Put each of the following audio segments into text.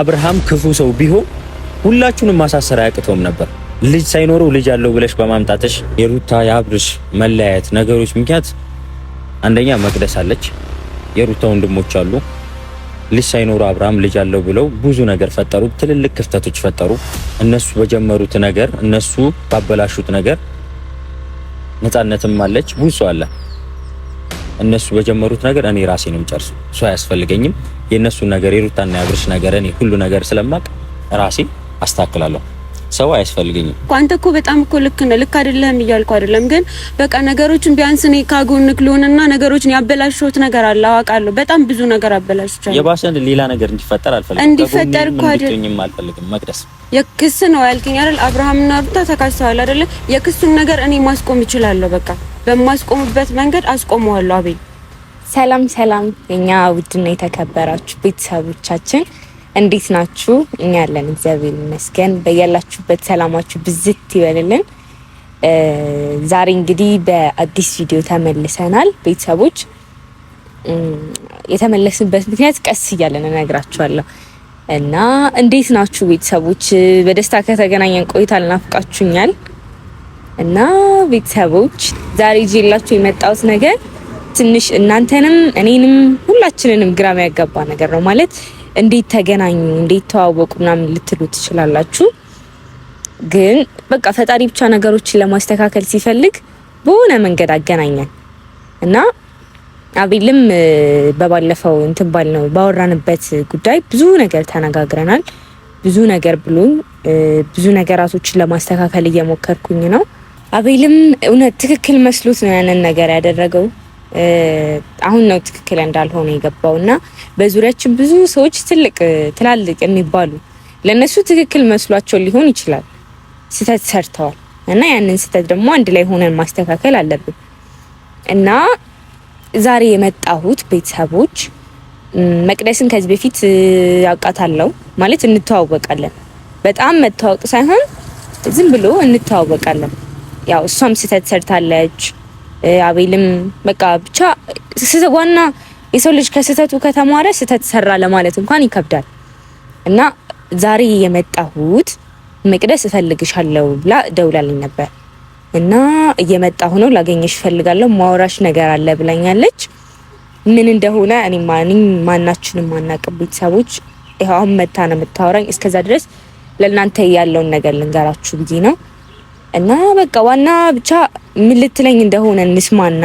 አብርሃም ክፉ ሰው ቢሆን ሁላችሁንም ማሳሰር አያቅተውም ነበር። ልጅ ሳይኖረው ልጅ አለው ብለሽ በማምጣትሽ የሩታ የአብርሽ መለያየት ነገሮች ምክንያት አንደኛ መቅደስ አለች፣ የሩታ ወንድሞች አሉ። ልጅ ሳይኖረው አብርሃም ልጅ አለው ብለው ብዙ ነገር ፈጠሩ፣ ትልልቅ ክፍተቶች ፈጠሩ። እነሱ በጀመሩት ነገር፣ እነሱ ባበላሹት ነገር ነፃነትም አለች፣ ብዙ ሰው አለ። እነሱ በጀመሩት ነገር እኔ ራሴ ነው ሰው አያስፈልገኝም። የእነሱን ነገር የሩታና ያብርሽ ነገር እኔ ሁሉ ነገር ስለማቅ ራሴ አስተካክላለሁ። ሰው አያስፈልገኝም። አንተ እኮ በጣም እኮ ልክ ነህ፣ ልክ አይደለህም እያልኩ አይደለም፣ ግን በቃ ነገሮችን ቢያንስ እኔ ካጎንክ ልሆንና ነገሮችን ያበላሽሁት ነገር አለ አውቃለሁ። በጣም ብዙ ነገር አበላሽቻለሁ። የባሰን ሌላ ነገር እንዲፈጠር አልፈልግም፣ እንዲፈጠር እኮ አይደለም አልፈልግም። መቅደስ የክስ ነው ያልከኝ አይደል? አብርሃምና ሩታ ተካሰዋል አይደለ? የክሱን ነገር እኔ ማስቆም እችላለሁ። በቃ በማስቆምበት መንገድ አስቆመዋለሁ። አቤል ሰላም ሰላም የኛ ውድና የተከበራችሁ ቤተሰቦቻችን እንዴት ናችሁ? እኛ ያለን እግዚአብሔር ይመስገን። በያላችሁበት ሰላማችሁ ብዝት ይበልልን። ዛሬ እንግዲህ በአዲስ ቪዲዮ ተመልሰናል። ቤተሰቦች የተመለስንበት ምክንያት ቀስ እያለን እነግራችኋለሁ እና እንዴት ናችሁ ቤተሰቦች? በደስታ ከተገናኘን ቆይታ ልናፍቃችሁኛል እና ቤተሰቦች ዛሬ ይዤላችሁ የመጣሁት ነገር ትንሽ እናንተንም እኔንም ሁላችንንም ግራም ያጋባ ነገር ነው። ማለት እንዴት ተገናኙ፣ እንዴት ተዋወቁ ምናምን ልትሉ ትችላላችሁ። ግን በቃ ፈጣሪ ብቻ ነገሮችን ለማስተካከል ሲፈልግ በሆነ መንገድ አገናኘን እና አቤልም በባለፈው እንትን ባል ነው ባወራንበት ጉዳይ ብዙ ነገር ተነጋግረናል። ብዙ ነገር ብሎኝ ብዙ ነገራቶችን ለማስተካከል እየሞከርኩኝ ነው። አቤልም እውነት ትክክል መስሎት ነው ያንን ነገር ያደረገው። አሁን ነው ትክክል እንዳልሆነ የገባው እና በዙሪያችን ብዙ ሰዎች ትልቅ ትላልቅ የሚባሉ ለእነሱ ትክክል መስሏቸው ሊሆን ይችላል ስህተት ሰርተዋል እና ያንን ስህተት ደግሞ አንድ ላይ ሆነን ማስተካከል አለብን እና ዛሬ የመጣሁት ቤተሰቦች መቅደስን ከዚህ በፊት አውቃታለሁ ማለት እንተዋወቃለን። በጣም መተዋወቅ ሳይሆን ዝም ብሎ እንተዋወቃለን። ያው እሷም ስህተት ሰርታለች አቤልም በቃ ብቻ ዋና የሰው ልጅ ከስህተቱ ከተማረ ስህተት ሰራ ለማለት እንኳን ይከብዳል። እና ዛሬ የመጣሁት መቅደስ እፈልግሻለሁ ብላ ደውላልኝ ነበር እና እየመጣሁ ነው ላገኘሽ እፈልጋለሁ ማውራሽ ነገር አለ ብላኛለች። ምን እንደሆነ እኔ ማንኝ ማናችንም ማናቅም ቤተሰቦች ይኸው አሁን መታ ነው የምታወራኝ። እስከዛ ድረስ ለእናንተ ያለውን ነገር ልንገራችሁ ብዬ ነው እና በቃ ዋና ብቻ ምን ልትለኝ እንደሆነ እንስማና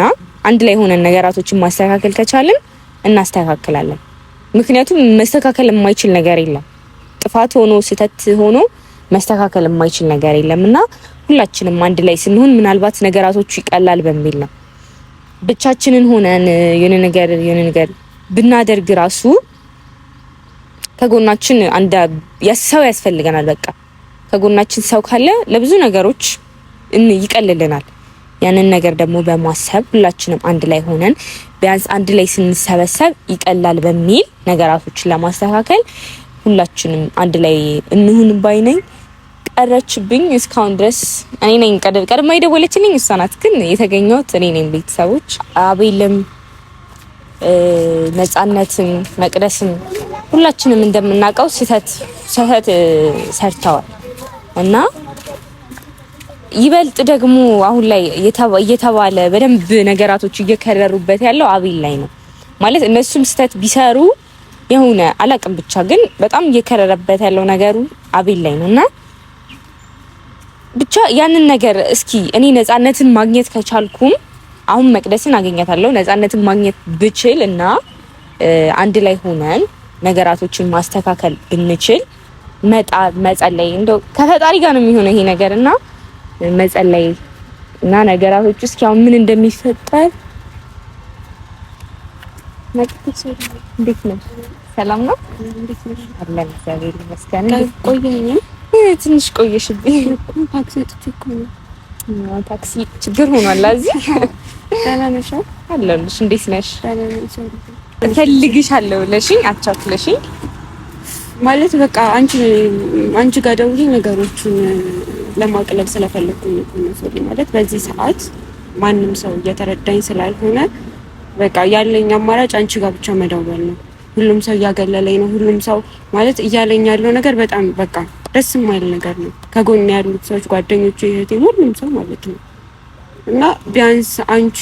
አንድ ላይ ሆነን ነገራቶችን ማስተካከል ከቻልን እናስተካክላለን። ምክንያቱም መስተካከል የማይችል ነገር የለም። ጥፋት ሆኖ ስህተት ሆኖ መስተካከል የማይችል ነገር የለም እና ሁላችንም አንድ ላይ ስንሆን ምናልባት ነገራቶቹ ይቀላል በሚል ነው። ብቻችንን ሆነን የሆነ ነገር የሆነ ነገር ብናደርግ ራሱ ከጎናችን አንድ ሰው ያስፈልገናል በቃ ከጎናችን ሰው ካለ ለብዙ ነገሮች ይቀልልናል። ያንን ነገር ደግሞ በማሰብ ሁላችንም አንድ ላይ ሆነን ቢያንስ አንድ ላይ ስንሰበሰብ ይቀላል በሚል ነገራቶችን ለማስተካከል ሁላችንም አንድ ላይ እንሁን ባይ ነኝ። ቀረችብኝ እስካሁን ድረስ እኔ ነኝ። ቀደም ቀድማ የደወለችልኝ እሷ ናት፣ ግን የተገኘሁት እኔ ነኝ። ቤተሰቦች አቤልም፣ ነጻነትም፣ መቅደስም ሁላችንም እንደምናውቀው ስህተት ሰርተዋል። እና ይበልጥ ደግሞ አሁን ላይ እየተባለ በደንብ ነገራቶች እየከረሩበት ያለው አቤል ላይ ነው ማለት እነሱም ስህተት ቢሰሩ የሆነ አላቅም ብቻ ግን በጣም እየከረረበት ያለው ነገሩ አቤል ላይ ነው እና ብቻ ያንን ነገር እስኪ እኔ ነፃነትን ማግኘት ከቻልኩም አሁን መቅደስን አገኛታለሁ። ነፃነትን ማግኘት ብችል እና አንድ ላይ ሆነን ነገራቶችን ማስተካከል ብንችል መጣ መጸለይ እንደው ከፈጣሪ ጋር ነው የሚሆነው ይሄ ነገር እና መጸለይ እና ነገራቶች እስኪ አሁን ምን እንደሚፈጠር እንዴት ነው? ሰላም ነው? አለን እግዚአብሔር ይመስገን። ቆየኝ፣ ትንሽ ቆየሽብኝ። ታክሲ ችግር ሆኗል። እዚህ አለሁልሽ። እንዴት ነሽ? ማለት በቃ አንቺ አንቺ ጋር ደውዬ ነገሮቹን ለማቅለል ስለፈለኩኝ ነው። ማለት በዚህ ሰዓት ማንም ሰው እየተረዳኝ ስላልሆነ በቃ ያለኝ አማራጭ አንቺ ጋር ብቻ መደወል ነው። ሁሉም ሰው እያገለለኝ ነው። ሁሉም ሰው ማለት እያለኝ ያለው ነገር በጣም በቃ ደስ የማይል ነገር ነው። ከጎን ያሉት ሰዎች ጓደኞቹ፣ እህቴ፣ ሁሉም ሰው ማለት ነው እና ቢያንስ አንቺ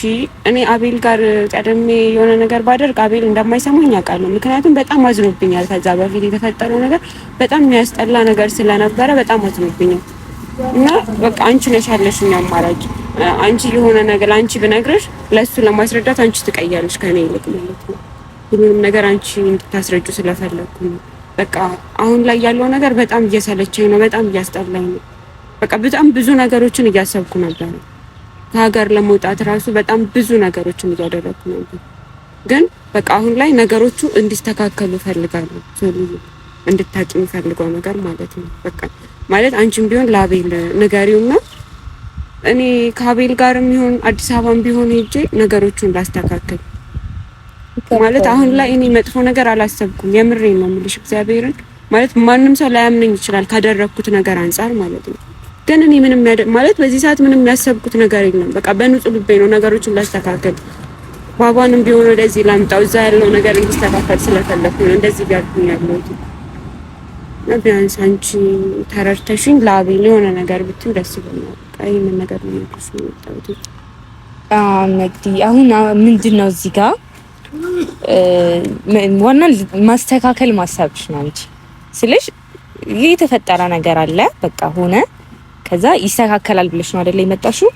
እኔ አቤል ጋር ቀደሜ የሆነ ነገር ባደርግ አቤል እንደማይሰማኝ አውቃለሁ። ምክንያቱም በጣም አዝኖብኛል። ከዛ በፊት የተፈጠረው ነገር በጣም የሚያስጠላ ነገር ስለነበረ በጣም አዝኖብኛል። እና በቃ አንቺ ነሽ ያለሽኝ አማራጭ። አንቺ የሆነ ነገር አንቺ ብነግርሽ ለሱ ለማስረዳት አንቺ ትቀያለሽ ከኔ ይልቅ ማለት ነው። ሁሉንም ነገር አንቺ እንድታስረጁ ስለፈለግኩ ነው። በቃ አሁን ላይ ያለው ነገር በጣም እየሰለቸኝ ነው። በጣም እያስጠላኝ ነው። በቃ በጣም ብዙ ነገሮችን እያሰብኩ ነበረ ከሀገር ለመውጣት ራሱ በጣም ብዙ ነገሮችን እያደረጉ ነበር። ግን በቃ አሁን ላይ ነገሮቹ እንዲስተካከሉ እፈልጋለሁ። እንድታቂ የሚፈልገው ነገር ማለት ነው። በቃ ማለት አንቺም ቢሆን ለአቤል ንገሪውና እኔ ከአቤል ጋርም ይሁን አዲስ አበባም ቢሆን ሄጄ ነገሮቹን ላስተካከል። ማለት አሁን ላይ እኔ መጥፎ ነገር አላሰብኩም። የምሬ ነው የምልሽ። እግዚአብሔርን ማለት ማንም ሰው ላያምነኝ ይችላል ካደረግኩት ነገር አንጻር ማለት ነው ግን እኔ ምንም ያደ ማለት በዚህ ሰዓት ምንም ያሰብኩት ነገር የለም። በቃ በንጹህ ልቤ ነው ነገሮችን ላስተካከል ባባንም ቢሆን ወደዚህ ላምጣው እዛ ያለው ነገር እንዲስተካከል ስለፈለኩ ነው እንደዚህ ቢያልኩኝ ያለሁት። ቢያንስ አንቺ ተረድተሽኝ ለአቤል የሆነ ነገር ብትም ደስ ይለኛል። ይህንን ነገር ለመድረስ የመጣሁት መግዲ። አሁን ምንድን ነው እዚህ ጋር ዋና ማስተካከል ማሰብሽ ነው እንጂ ስልሽ የተፈጠረ ነገር አለ በቃ ሆነ ከዛ ይስተካከላል ብለሽ ነው አይደለ የመጣሽው?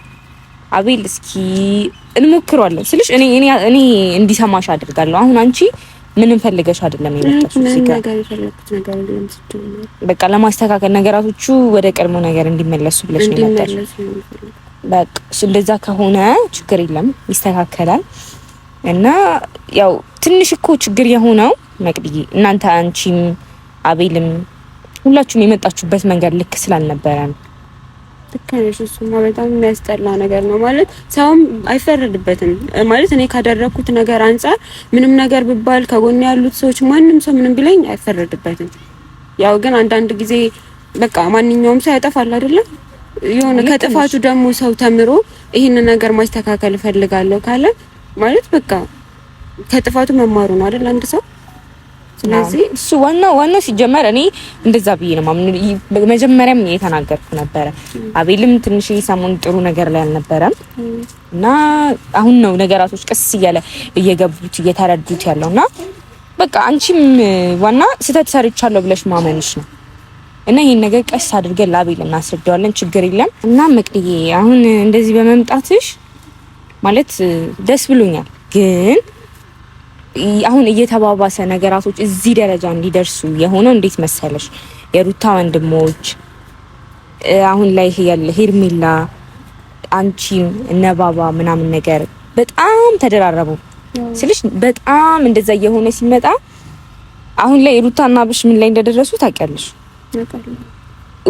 አቤል እስኪ እንሞክረዋለን ስልሽ እኔ እኔ እኔ እንዲሰማሽ አድርጋለሁ። አሁን አንቺ ምንም ፈልገሽ አይደለም የመጣሽው። በቃ ለማስተካከል ነገራቶቹ ወደ ቀድሞ ነገር እንዲመለሱ ብለሽ ነው የመጣሽው። በቃ እንደዛ ከሆነ ችግር የለም ይስተካከላል። እና ያው ትንሽ እኮ ችግር የሆነው መቅድዬ እናንተ አንቺም አቤልም ሁላችሁም የመጣችሁበት መንገድ ልክ ስላልነበረ ነው። ልክ ነሽ። እሱማ በጣም የሚያስጠላ ነገር ነው ማለት ሰውም አይፈረድበትም ማለት እኔ ካደረኩት ነገር አንጻር ምንም ነገር ብባል ከጎን ያሉት ሰዎች ማንም ሰው ምንም ቢለኝ አይፈረድበትም። ያው ግን አንዳንድ ጊዜ በቃ ማንኛውም ሰው ያጠፋል አይደለም? የሆነ ከጥፋቱ ደግሞ ሰው ተምሮ ይህንን ነገር ማስተካከል እፈልጋለሁ ካለ ማለት በቃ ከጥፋቱ መማሩ ነው አይደል? አንድ ሰው ስለዚህ እሱ ዋናው ዋናው ሲጀመር እኔ እንደዛ ብዬ ነው ማምን። መጀመሪያም የተናገርኩ ነበረ። አቤልም ትንሽ ሰሞን ጥሩ ነገር ላይ አልነበረም እና አሁን ነው ነገራቶች ቀስ እያለ እየገቡት እየተረዱት ያለው እና በቃ አንቺም ዋና ስህተት ሰርቻለሁ ብለሽ ማመንሽ ነው እና ይህን ነገር ቀስ አድርገን ለአቤል እናስረዳዋለን። ችግር የለም እና መቅድዬ አሁን እንደዚህ በመምጣትሽ ማለት ደስ ብሎኛል ግን አሁን እየተባባሰ ነገራቶች እዚህ ደረጃ እንዲደርሱ የሆነው እንዴት መሰለሽ? የሩታ ወንድሞች አሁን ላይ ያለ ሄርሜላ፣ አንቺም እነባባ ምናምን ነገር በጣም ተደራረቡ ስልሽ በጣም እንደዛ እየሆነ ሲመጣ አሁን ላይ ሩታና አብርሽ ምን ላይ እንደደረሱ ታውቂያለሽ።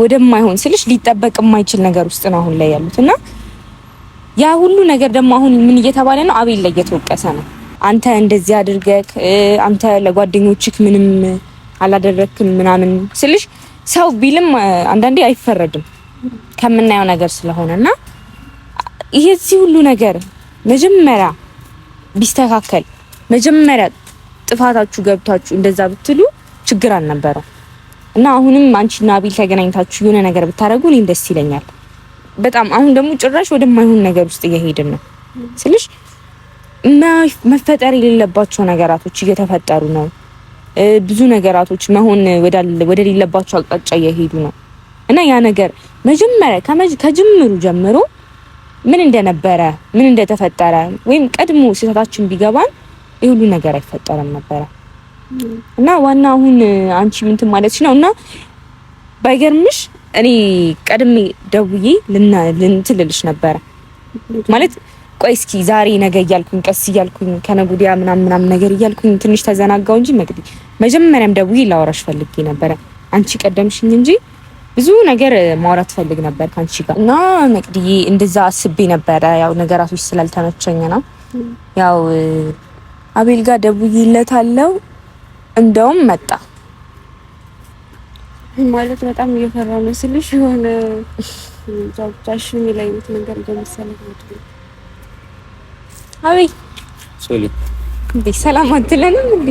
ወደማይሆን ስልሽ ሊጠበቅ የማይችል ነገር ውስጥ ነው አሁን ላይ ያሉት እና ያ ሁሉ ነገር ደግሞ አሁን ምን እየተባለ ነው? አቤል ላይ እየተወቀሰ ነው አንተ እንደዚህ አድርገህ አንተ ለጓደኞችህ ምንም አላደረክም ምናምን ስልሽ ሰው ቢልም አንዳንዴ አይፈረድም ከምናየው ነገር ስለሆነ እና ይሄ እዚህ ሁሉ ነገር መጀመሪያ ቢስተካከል መጀመሪያ ጥፋታችሁ ገብታችሁ እንደዛ ብትሉ ችግር አልነበረው እና አሁንም አንቺና አቢል ተገናኝታችሁ የሆነ ነገር ብታደርጉ እኔም ደስ ይለኛል በጣም። አሁን ደግሞ ጭራሽ ወደማይሆን ነገር ውስጥ እየሄድን ነው ስልሽ መፈጠር የሌለባቸው ነገራቶች እየተፈጠሩ ነው። ብዙ ነገራቶች መሆን ወደ ሌለባቸው አቅጣጫ እየሄዱ ነው እና ያ ነገር መጀመሪያ ከጅምሩ ጀምሮ ምን እንደነበረ ምን እንደተፈጠረ ወይም ቀድሞ ስህተታችን ቢገባን የሁሉ ነገር አይፈጠርም ነበረ እና ዋና አሁን አንቺ ምን ማለት ነው እና ባይገርምሽ እኔ ቀድሜ ደውዬ ልንትልልሽ ነበረ ማለት ቆይ እስኪ ዛሬ ነገ እያልኩኝ ቀስ እያልኩኝ ከነገ ወዲያ ምናምን ምናምን ነገር እያልኩኝ ትንሽ ተዘናጋው እንጂ መቅዲ መጀመሪያም ደውዬ ላወራሽ ፈልጌ ነበረ። አንቺ ቀደምሽኝ እንጂ ብዙ ነገር ማውራት ፈልግ ነበር ከአንቺ ጋር እና መቅዲዬ፣ እንደዛ አስቤ ነበረ። ያው ነገራቶች ስላልተመቸኝ ነው። ያው አቤል ጋር ደውዬለታለሁ። እንደውም መጣ ማለት በጣም እየፈራ መስልሽ የሆነ ጃጃሽ የሚል አይነት ነገር እንደመሰለ አቤት ሶሊ እንዴ ሰላም አትለንም እንዴ?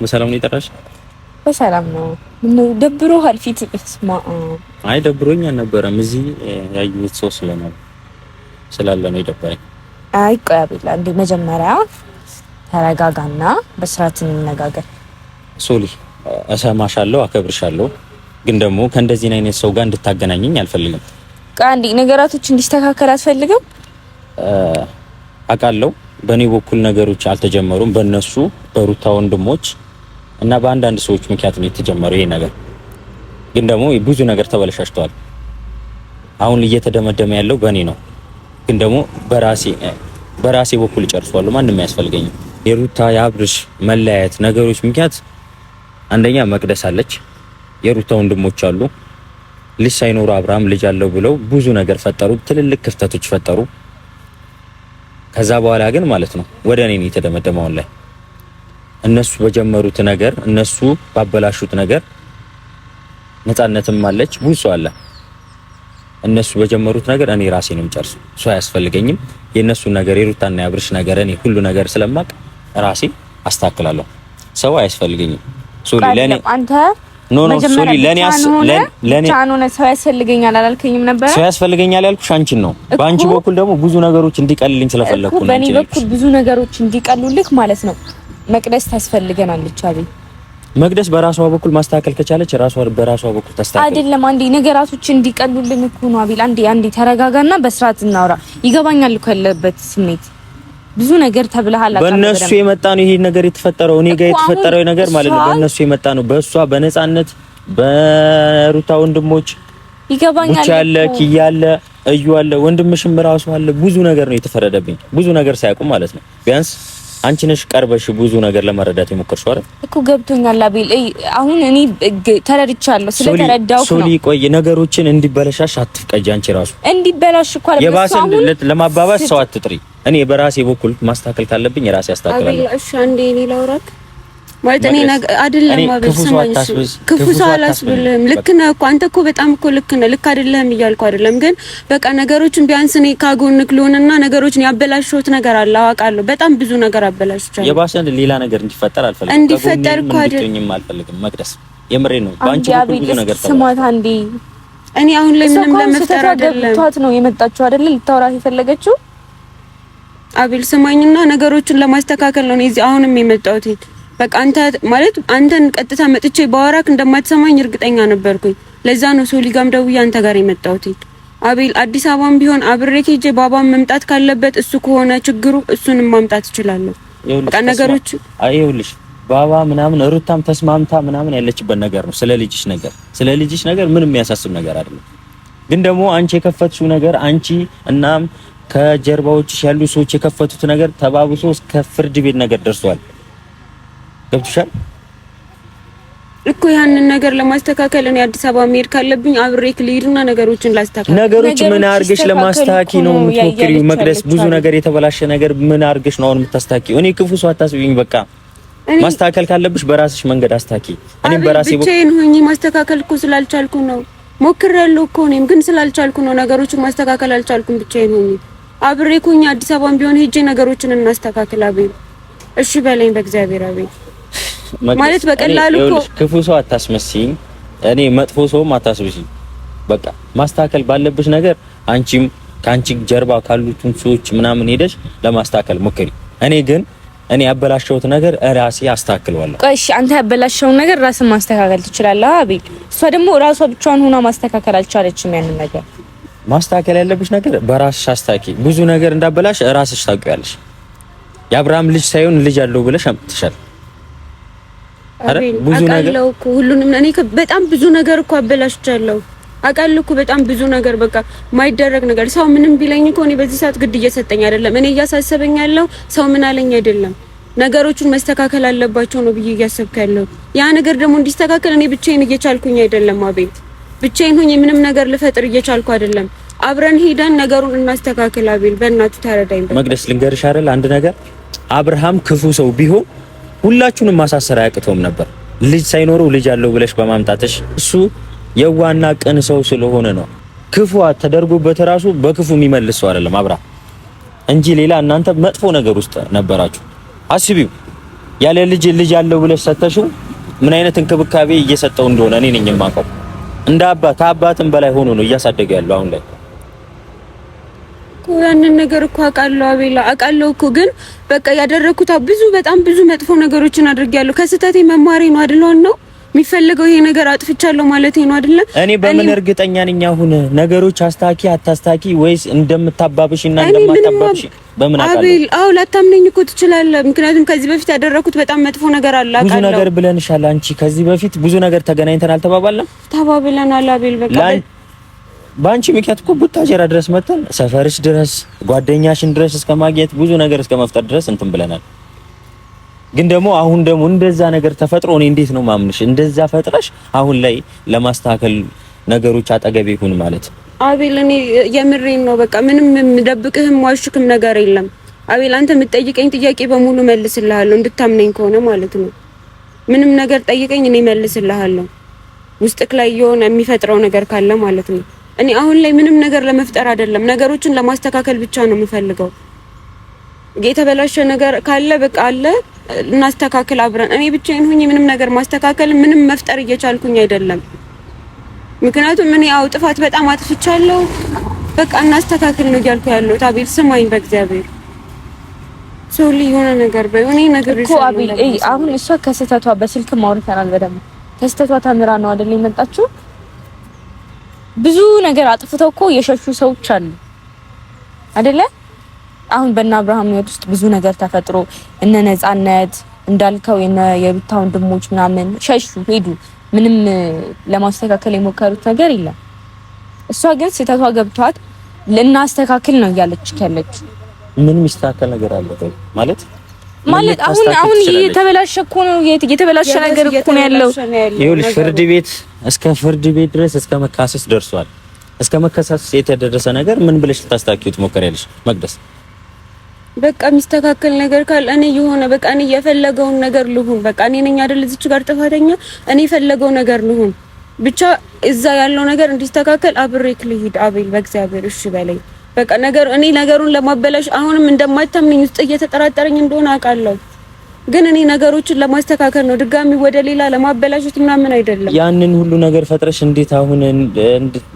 በሰላም ነው የጠራሽ? በሰላም ነው። ምን ደብሮሃል? ፊት ስማ። አይ ደብሮኝ አልነበረም። እዚህ ያዩት ሰው ስለነበር ስላለ ነው የደበረኝ። አይ ቆይ አቤላ፣ እንዴ መጀመሪያ ተረጋጋና በስርዓት እንነጋገር። ሶሊ እሰማሻለሁ፣ አከብርሻለሁ፣ ግን ደግሞ ከእንደዚህ አይነት ሰው ጋር እንድታገናኘኝ አልፈልግም። አንዴ ነገራቶች እንዲስተካከል አትፈልግም? አውቃለሁ። በእኔ በኩል ነገሮች አልተጀመሩም። በእነሱ በሩታ ወንድሞች እና በአንዳንድ ሰዎች ምክንያት ነው የተጀመረው። ይሄ ነገር ግን ደግሞ ብዙ ነገር ተበለሻሽተዋል። አሁን እየተደመደመ ያለው በእኔ ነው፣ ግን ደግሞ በራሴ በራሴ በኩል ጨርሷለሁ። ማንም አያስፈልገኝም። የሩታ የአብርሽ መለያየት ነገሮች ምክንያት አንደኛ መቅደስ አለች፣ የሩታ ወንድሞች አሉ ልጅ ሳይኖሩ አብርሃም ልጅ አለው ብለው ብዙ ነገር ፈጠሩ፣ ትልልቅ ክፍተቶች ፈጠሩ። ከዛ በኋላ ግን ማለት ነው ወደ እኔ ነው የተደመደመው ላይ እነሱ በጀመሩት ነገር እነሱ ባበላሹት ነገር ነፃነትም አለች ብዙ ሰው አለ። እነሱ በጀመሩት ነገር እኔ ራሴ ነው ጨርሱ፣ ሰው አያስፈልገኝም። የእነሱ ነገር የሩታና ያብርሽ ነገር እኔ ሁሉ ነገር ስለማቅ ራሴ አስተካክላለሁ፣ ሰው አያስፈልገኝም። ሶሊ ለኔ አንተ ኖ ኖ ሶሪ፣ ለኔ አስ ለኔ ነው ሰው ያስፈልገኛል አላልከኝም ነበር? ሰው ያስፈልገኛል ያልኩሽ አንቺን ነው። በአንቺ በኩል ደግሞ ብዙ ነገሮች እንዲቀልልኝ ስለፈለኩ ነው። በእኔ በኩል ብዙ ነገሮች እንዲቀሉልክ ማለት ነው። መቅደስ ታስፈልገናለች። አቤት መቅደስ በራሷ በኩል ማስተካከል ከቻለች ራሷ በራሷ በኩል ታስተካከል። አይደለም አንዴ ነገራቶች እንዲቀሉልን እኮ ነው አቤል። አንዴ አንዴ ተረጋጋና በስርዓት እናውራ። ይገባኛል እኮ ያለበት ስሜት ብዙ ነገር ተብለሃል። በእነሱ የመጣ ነው ይሄ ነገር የተፈጠረው፣ እኔ ጋር የተፈጠረው ነገር ማለት ነው። በእነሱ የመጣ ነው፣ በእሷ በነፃነት በሩታ ወንድሞች ይገባኛል። ያለ ኪያለ እዩ አለ ወንድምሽም ራሱ አለ። ብዙ ነገር ነው የተፈረደብኝ፣ ብዙ ነገር ሳያውቁ ማለት ነው። ቢያንስ አንቺ ነሽ ቀርበሽ ብዙ ነገር ለመረዳት የሞከርሽው አይደል? እኮ ገብቶኛል አቤል። አሁን እኔ ተረድቻለሁ። ስለተረዳው ነው ሶሊ። ቆይ ነገሮችን እንዲበለሻሽ አትፍቀጂ። አንቺ ራሱ እንዲበላሽ እኮ አለ። የባሰ ለማባባስ ሰው አትጥሪ። እኔ በራሴ በኩል ማስተካከል ካለብኝ ራሴ አስተካክላለሁ። እሺ አንዴ እኔ ላውራክ ማለት እኔ አይደለም አብዝ ክፉ ሰው አላስብልህም። ልክ ነህ እኮ አንተ እኮ በጣም እኮ ልክ ነህ። ልክ አይደለህም እያልኩ አይደለም፣ ግን በቃ ነገሮችን ቢያንስ እኔ ካጎንክ ልሆንና ነገሮችን ያበላሽሁት ነገር አለ አውቃለሁ። በጣም ብዙ ነገር አበላሽቻለሁ። የባሰን ሌላ ነገር እንዲፈጠር አልፈልግም። እንዲፈጠር እኮ አይደለም አልፈልግም። መቅደስ የምሬ ነው። ባንቺ ብዙ ነገር ስማት አንዴ እኔ አሁን ላይ ምንም ለመፍጠር አይደለም ነው የመጣችሁ አይደለ ልታወራ የፈለገችው አቤል ስማኝና ነገሮችን ለማስተካከል ነው እዚህ አሁንም የመጣሁት። በቃ አንተ ማለት አንተን ቀጥታ መጥቼ ባወራክ እንደማትሰማኝ እርግጠኛ ነበርኩኝ። ለዛ ነው ሶሊጋም ደውዬ አንተ ጋር የመጣሁት። አቤል አዲስ አበባም ቢሆን አብሬክ ሄጄ ባባም መምጣት ካለበት እሱ ከሆነ ችግሩ እሱንም ማምጣት እችላለሁ። በቃ ነገሮች አይውልሽ ባባ ምናምን ሩታም ተስማምታ ምናምን ያለችበት ነገር ነው። ስለ ልጅሽ ነገር ስለ ልጅሽ ነገር ምንም የሚያሳስብ ነገር አይደለም። ግን ደግሞ አንቺ የከፈትሽው ነገር አንቺ እናም ከጀርባዎችሽ ያሉ ሰዎች የከፈቱት ነገር ተባብሶ እስከ ፍርድ ቤት ነገር ደርሷል። ገብቶሻል እኮ ያንን ነገር ለማስተካከል እኔ አዲስ አበባ መሄድ ካለብኝ አብሬክ ልሂድና ነገሮችን ላስተካከል። ነገሮች ምን አርገሽ ለማስተካኪ ነው የምትሞክሪው? መቅደስ ብዙ ነገር የተበላሸ ነገር ምን አርገሽ ነው አሁን የምታስተካኪው? እኔ ክፉ ሰው አታስቢኝ። በቃ ማስተካከል ካለብሽ በራስሽ መንገድ አስተካኪ። እኔም በራሴ ብቻዬን ሆኜ ማስተካከል እኮ ስላልቻልኩ ነው ሞክሬያለሁ እኮ እኔም ግን ስላልቻልኩ ነው ነገሮችን ማስተካከል አልቻልኩም ብቻዬን ሆኜ አብሬ እኮ አዲስ አበባን ቢሆን ሄጄ ነገሮችን እናስተካክል። አቤል እሺ በለኝ በእግዚአብሔር። አቤ ማለት በቀላሉ እኮ ክፉ ሰው አታስመስኝ፣ እኔ መጥፎ ሰውም አታስብሽኝ። በቃ ማስተካከል ባለብሽ ነገር አንቺም ከአንቺ ጀርባ ካሉትን ሰዎች ምናምን ሄደሽ ለማስተካከል ሞክሪ። እኔ ግን እኔ ያበላሸሁት ነገር ራሴ አስተካክለዋለሁ። ቆይ እሺ፣ አንተ ያበላሸውን ነገር ራስን ማስተካከል ትችላለህ አቤል። እሷ ደግሞ ራሷ ብቻዋን ሆና ማስተካከል አልቻለችም ያንን ነገር ማስተካከል ያለብሽ ነገር በራስሽ አስተካኪ። ብዙ ነገር እንዳበላሽ ራስሽ ታውቂያለሽ። የአብርሃም ልጅ ሳይሆን ልጅ አለው ብለሽ አምጥተሻል። ብዙ ነገር ሁሉንም እኔ በጣም ብዙ ነገር እኮ አበላሽቻለሁ። አውቃለሁ እኮ በጣም ብዙ ነገር በቃ ማይደረግ ነገር። ሰው ምንም ቢለኝ እኮ እኔ በዚህ ሰዓት ግድ እየሰጠኝ አይደለም። እኔ እያሳሰበኝ ያለው ሰው ምን አለኝ አይደለም። ነገሮቹን መስተካከል አለባቸው ነው ብዬ እያሰብክ ያለው ያ ነገር ደግሞ እንዲስተካከል እኔ ብቻዬን እየቻልኩኝ አይደለም አቤት ብቻዬን ሆኜ ምንም ነገር ልፈጥር እየቻልኩ አይደለም። አብረን ሄደን ነገሩን እናስተካክል። አቤል በእናትህ ተረዳኝ። መቅደስ ልንገርሽ አይደል አንድ ነገር፣ አብርሃም ክፉ ሰው ቢሆን ሁላችሁንም ማሳሰር አያቅተውም ነበር። ልጅ ሳይኖረው ልጅ አለው ብለሽ በማምጣትሽ እሱ የዋና ቅን ሰው ስለሆነ ነው። ክፉ ተደርጎበት ራሱ በክፉ የሚመልስ ሰው አይደለም አብርሃም እንጂ ሌላ እናንተ መጥፎ ነገር ውስጥ ነበራችሁ። አስቢው ያለ ልጅ ልጅ አለው ብለሽ ሰተሽው ምን አይነት እንክብካቤ እየሰጠው እንደሆነ እኔ ነኝ የማውቀው። እንደ አባት አባትም በላይ ሆኖ ነው እያሳደገ ያለው አሁን ላይ ያንን ነገር እኮ አውቃለሁ አቤላ አውቃለሁ እኮ ግን በቃ ያደረኩት ብዙ በጣም ብዙ መጥፎ ነገሮችን አድርጌያለሁ ከስህተቴ መማሬ ነው አይደል ነው የሚፈልገው ይሄ ነገር አጥፍቻለሁ ማለት ነው አይደለ? እኔ በምን እርግጠኛ ነኝ? አሁን ነገሮች አስታኪ አታስታኪ ወይስ እንደምታባብሽ እና እንደማታባብሽ በምን አውቃለሁ? አቤል፣ አዎ ላታምነኝ እኮ ትችላለህ። ምክንያቱም ከዚህ በፊት ያደረኩት በጣም መጥፎ ነገር አለ። ብዙ ነገር ብለንሻል። አንቺ ከዚህ በፊት ብዙ ነገር ተገናኝተን አልተባባልንም? ተባብለናል አቤል። በቃ በአንቺ ምክንያት እኮ ቡታጀራ ድረስ መተን ሰፈርሽ ድረስ ጓደኛሽን ድረስ እስከ ማግኘት ብዙ ነገር እስከ መፍጠር ድረስ እንትን ብለናል። ግን ደግሞ አሁን ደግሞ እንደዛ ነገር ተፈጥሮ እኔ እንዴት ነው ማምንሽ? እንደዛ ፈጥረሽ አሁን ላይ ለማስተካከል ነገሮች አጠገብ ይሁን ማለት አቤል፣ እኔ የምሬን ነው። በቃ ምንም የምደብቅህም ዋሽክም ነገር የለም አቤል። አንተ የምትጠይቀኝ ጥያቄ በሙሉ መልስልሃለሁ፣ እንድታምነኝ ከሆነ ማለት ነው። ምንም ነገር ጠይቀኝ፣ እኔ መልስልሃለሁ። ውስጥክ ላይ የሆነ የሚፈጥረው ነገር ካለ ማለት ነው። እኔ አሁን ላይ ምንም ነገር ለመፍጠር አይደለም፣ ነገሮችን ለማስተካከል ብቻ ነው የምፈልገው። የተበላሸ ነገር ካለ በቃ አለ እናስተካክል አብረን። እኔ ብቻዬን ሁኜ ምንም ነገር ማስተካከል ምንም መፍጠር እየቻልኩኝ አይደለም። ምክንያቱም እኔ ያው ጥፋት በጣም አጥፍቻለሁ። በቃ እናስተካክል ነው እያልኩ ያለሁት። አቤል ስማኝ፣ በእግዚአብሔር ሶሊ ልጅ የሆነ ነገር በይ። እኔ ነገር እኮ አቤል፣ አሁን እሷ ከስህተቷ በስልክ ማውርተናል በደም ከስህተቷ ተምራ ነው አይደል የመጣችው። ብዙ ነገር አጥፍተው እኮ የሸሹ ሰዎች አሉ አይደለ አሁን በእነ አብርሃም ህይወት ውስጥ ብዙ ነገር ተፈጥሮ እነ ነጻነት እንዳልከው የነ የሩታ ወንድሞች ምናምን ሸሹ፣ ሄዱ። ምንም ለማስተካከል የሞከሩት ነገር የለም። እሷ ግን ስህተቷ ገብቷት ልናስተካክል ነው እያለች ከለች ምን የሚስተካከል ነገር አለ ማለት ማለት አሁን አሁን የተበላሸ እኮ ነው የተበላሸ ነገር እኮ ነው ያለው። ይኸውልሽ ፍርድ ቤት እስከ ፍርድ ቤት ድረስ እስከ መካሰስ ደርሷል። እስከ መካሰስ የተደረሰ ነገር ምን ብለሽ ልታስተካክዩ ትሞከሪያለሽ መቅደስ? በቃ የሚስተካከል ነገር ካለ እኔ የሆነ በቃ እኔ የፈለገውን ነገር ልሁን። በቃ እኔ ነኝ አይደል እዚች ጋር ጥፋተኛ። እኔ የፈለገው ነገር ልሁን ብቻ እዛ ያለው ነገር እንዲስተካከል አብሬክ ልሂድ። አቤል በእግዚአብሔር እሺ በለኝ። በቃ ነገር እኔ ነገሩን ለማበላሽ አሁንም እንደማታምነኝ ውስጥ እየተጠራጠረኝ እንደሆነ አውቃለሁ፣ ግን እኔ ነገሮችን ለማስተካከል ነው ድጋሚ ወደ ሌላ ለማበላሸት ምናምን አይደለም። ያንን ሁሉ ነገር ፈጥረሽ እንዴት አሁን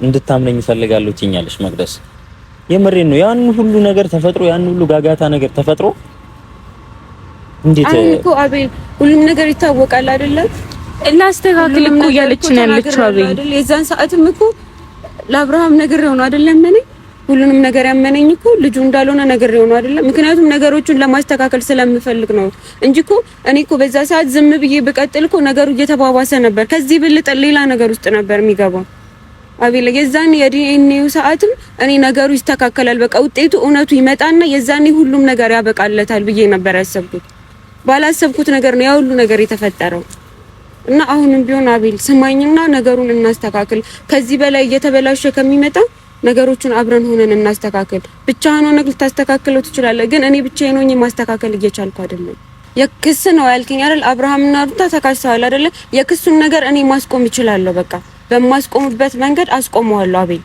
እንድታምነኝ እፈልጋለሁ ትኛለሽ መቅደስ? የምሬን ነው። ያን ሁሉ ነገር ተፈጥሮ ያን ሁሉ ጋጋታ ነገር ተፈጥሮ እንዴት እኮ አቤል፣ ሁሉም ነገር ይታወቃል አይደለም? ላስተካክል እኮ እያለች ነው ያለችው አቤል። የዛን ሰዓትም እኮ ለአብርሃም ነግሬው ነው አይደለም? እኔ ሁሉንም ነገር ያመነኝ እኮ ልጁ እንዳልሆነ ነግሬው ነው አይደለም? ምክንያቱም ነገሮቹን ለማስተካከል ስለምፈልግ ነው እንጂ እኮ እኔ እኮ በዛ ሰዓት ዝም ብዬ ብቀጥል እኮ ነገሩ እየተባባሰ ነበር። ከዚህ ብልጥ ሌላ ነገር ውስጥ ነበር የሚገባው። አቤላ የዛን የዲኤንኤው ሰዓትም እኔ ነገሩ ይስተካከላል፣ በቃ ውጤቱ እውነቱ ይመጣና የዛኔ ሁሉም ነገር ያበቃለታል ብዬ ነበር ያሰብኩት። ባላሰብኩት ነገር ነው ያ ሁሉ ነገር የተፈጠረው። እና አሁንም ቢሆን አቤል ስማኝና ነገሩን እናስተካክል። ከዚህ በላይ እየተበላሸ ከሚመጣ ነገሮቹን አብረን ሆነን እናስተካክል። ብቻህን ሆነህ ልታስተካክለው ትችላለህ፣ ግን እኔ ብቻዬን ሆኜ ማስተካከል እየቻልኩ አይደለም። የክስ ነው ያልከኝ አይደል? አብርሃምና ሩታ ተካሰዋል አይደለ? የክሱን ነገር እኔ ማስቆም እችላለሁ በቃ በማስቆምበት መንገድ አስቆመዋለሁ። አቤል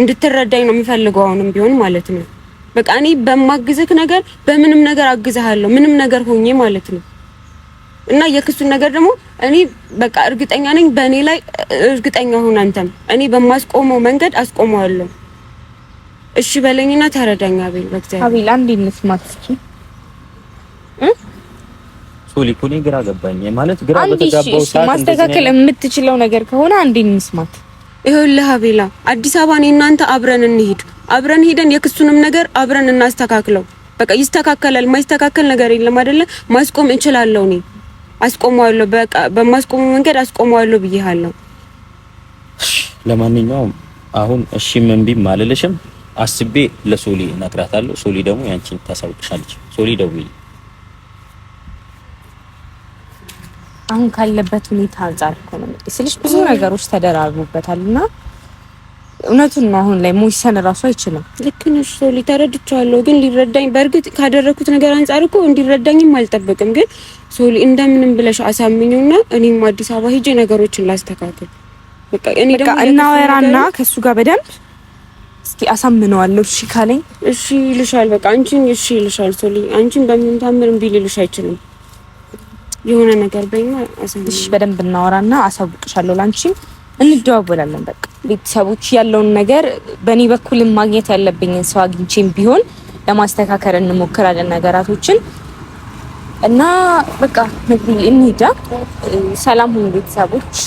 እንድትረዳኝ ነው የሚፈልገው፣ አሁንም ቢሆን ማለት ነው። በቃ እኔ በማግዝህ ነገር በምንም ነገር አግዝሃለሁ፣ ምንም ነገር ሆኜ ማለት ነው። እና የክሱን ነገር ደግሞ እኔ በቃ እርግጠኛ ነኝ፣ በእኔ ላይ እርግጠኛ ሁን አንተም። እኔ በማስቆመው መንገድ አስቆመዋለሁ። እሺ በለኝና ተረዳኝ አቤል። በእግዚአብሔር አቤል፣ አንዴ እንስማት እስኪ ቶሊኮ እኔ ግራ ገባኝ ማለት ግራ በተጋባው ሰዓት ማስተካከል የምትችለው ነገር ከሆነ አንዴ እንስማት። ይኸውልህ አቤላ አዲስ አበባ እኔ እናንተ አብረን እንሂድ፣ አብረን ሄደን የክሱንም ነገር አብረን እናስተካክለው። በቃ ይስተካከላል። ማይስተካከል ነገር የለም አይደለ? ማስቆም እችላለሁ እኔ አስቆመዋለሁ። በቃ በማስቆሙ መንገድ አስቆመዋለሁ ብዬሃለሁ። ለማንኛውም አሁን እሺም እምቢም ማለለሽም አስቤ ለሶሊ እነግራታለሁ። ሶሊ ደግሞ ያንቺን ታሳውቅሻለች። ሶሊ ደውዪልኝ አሁን ካለበት ሁኔታ አንጻር እኮ ነው ስልሽ፣ ብዙ ነገሮች ተደራርቡበታል እና እውነቱን ነው። አሁን ላይ መወሰን እራሱ አይችልም። ልክ ነሽ ሶሊ፣ ተረድቻለሁ። ግን ሊረዳኝ በእርግጥ ካደረኩት ነገር አንጻር እኮ እንዲረዳኝም አልጠበቅም። ግን ሶሊ፣ እንደምንም ብለሽ አሳምኝውና እኔም አዲስ አበባ ሄጄ ነገሮችን ላስተካክል። በቃ እኔ ደግሞ እናወራና ከሱ ጋር በደንብ እስኪ አሳምነዋለሁ። እሺ ካለኝ እሺ ይልሻል። በቃ አንቺን እሺ ይልሻል ሶሊ። አንቺን በምንም ታምር እምቢ ልልሽ አይችልም። የሆነ ነገር በኛ እሺ፣ በደንብ እናወራና አሳውቅሻለሁ። ላንቺ እንደዋወላለን። በቃ ቤተሰቦች ያለውን ነገር በእኔ በኩልም ማግኘት ያለብኝን ሰው አግኝቼም ቢሆን ለማስተካከል እንሞክራለን ነገራቶችን እና በቃ እንሂዳ። ሰላም ሁኑ ቤተሰቦች።